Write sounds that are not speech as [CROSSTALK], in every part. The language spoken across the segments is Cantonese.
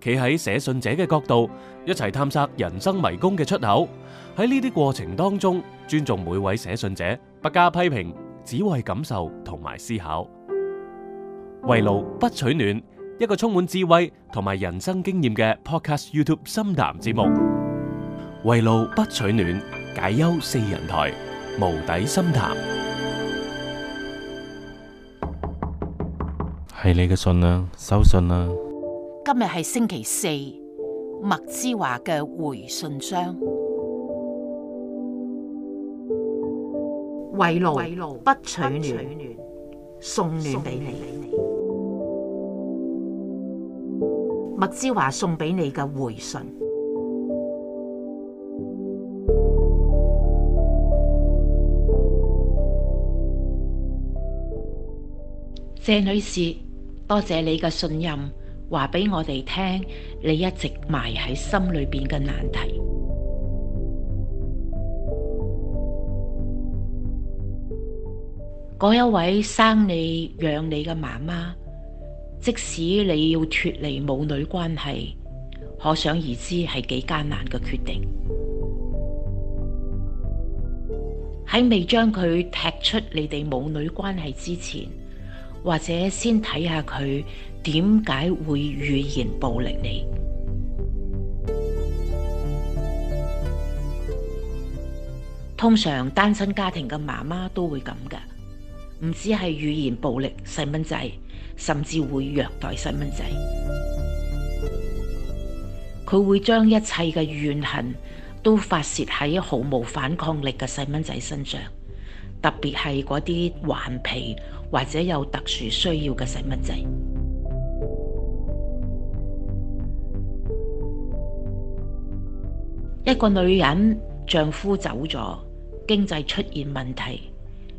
企喺寫信者嘅角度，一齊探索人生迷宮嘅出口。喺呢啲過程當中，尊重每位寫信者，不加批評，只為感受同埋思考。圍爐不取暖，一個充滿智慧同埋人生經驗嘅 Podcast YouTube 深談節目。圍爐不取暖，解憂四人台，無底深談。係你嘅信啊，收信啊！今日係星期四，麥之華嘅回信箱，圍爐不取暖，送暖俾你。麥之華送俾你嘅回信，謝女士，多謝你嘅信任。話畀我哋聽，你一直埋喺心裏邊嘅難題。嗰一位生你、養你嘅媽媽，即使你要脫離母女關係，可想而知係幾艱難嘅決定。喺未將佢踢出你哋母女關係之前。或者先睇下佢點解會語言暴力你，通常單親家庭嘅媽媽都會噉㗎，唔止係語言暴力細蚊仔，甚至會虐待細蚊仔。佢會將一切嘅怨恨都發洩喺毫無反抗力嘅細蚊仔身上。特別係嗰啲頑皮或者有特殊需要嘅細蚊仔，一個女人丈夫走咗，經濟出現問題，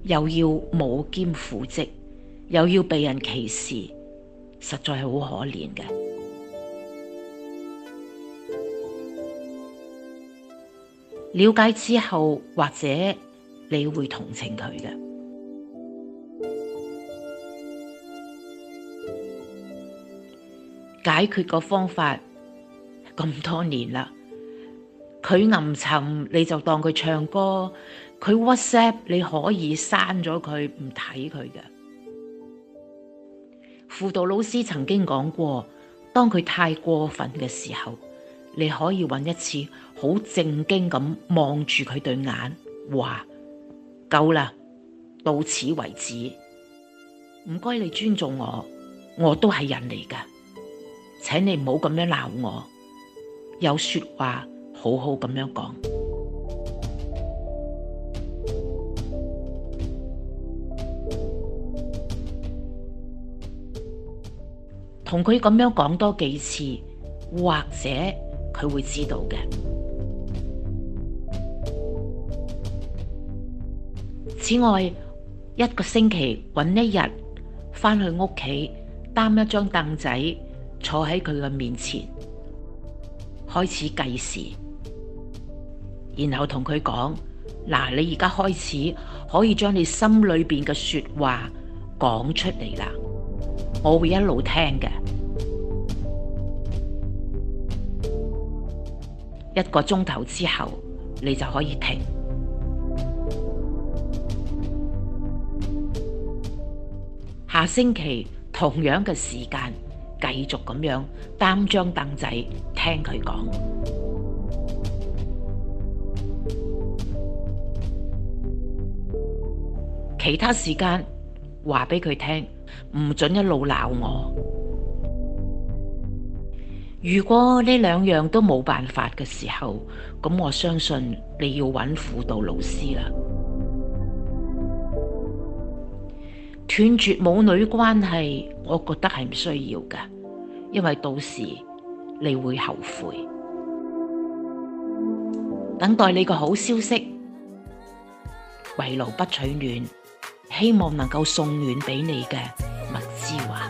又要母兼父職，又要被人歧視，實在係好可憐嘅。了解之後，或者。你會同情佢嘅。解決個方法，咁多年啦。佢吟沉，你就當佢唱歌；佢 WhatsApp，你可以刪咗佢，唔睇佢嘅。輔導老師曾經講過，當佢太過分嘅時候，你可以搵一次好正經咁望住佢對眼話夠啦，到此為止。唔該，你尊重我，我都係人嚟㗎，請你唔好咁樣鬧我。有說話，好好咁 [MUSIC] 樣講。同佢咁樣講多幾次，或者佢會知道嘅。此外，一個星期搵一日翻去屋企擔一張凳仔坐喺佢嘅面前，開始計時，然後同佢講：嗱，你而家開始可以將你心裏邊嘅說話講出嚟啦，我會一路聽嘅。 [MUSIC] 一個鐘頭之後，你就可以停。下星期同樣嘅時間繼續咁樣擔張凳仔，聽佢講，其他時間話俾佢聽，唔准一路鬧我。如果呢兩樣都冇辦法嘅時候，咁我相信你要揾輔導老師啦。斷絕母女關係，我覺得係唔需要噶，因為到時你會後悔。等待你個好消息，圍爐不取暖，希望能夠送暖俾你嘅麥之華。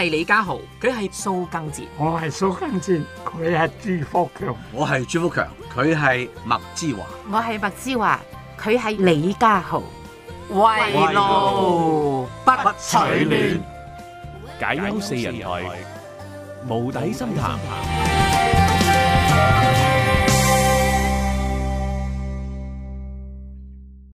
係李家豪，佢係蘇更杰。我係蘇更杰，佢係朱福強。我係朱福強，佢係麥之華。我係麥之華，佢係李家豪。圍爐不取暖，解憂四人台，無底深潭。